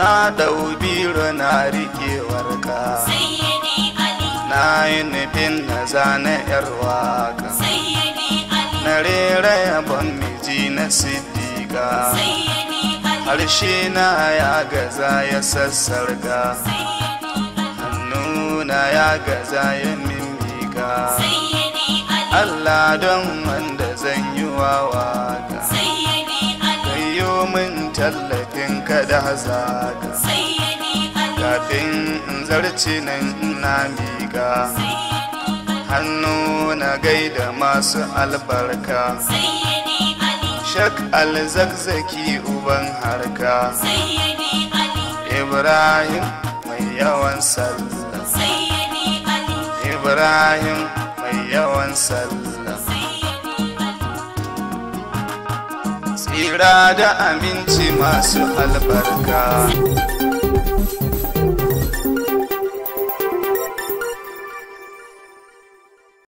na dau biro na rikewar ka na yi nufin na zane yar waka na rera yabon miji na siddiga harshe na ya gaza ya sassarga hannuna ya gaza ya mimika Allah don wanda zan yi wawa tallafin ka da hazaka kafin in zarci nan ina miƙa hannu na gaida masu albarka shak alzakzaki uban harka ibrahim mai yawan sallah ibrahim mai yawan sallah Kira da aminci masu albarka